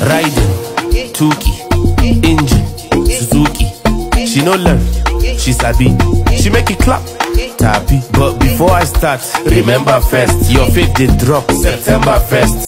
Riding, Tuki, engine, Suzuki. She no learn, she sabi. She make it clap, tappy. But before I start, remember first, your faith did drop September 1st.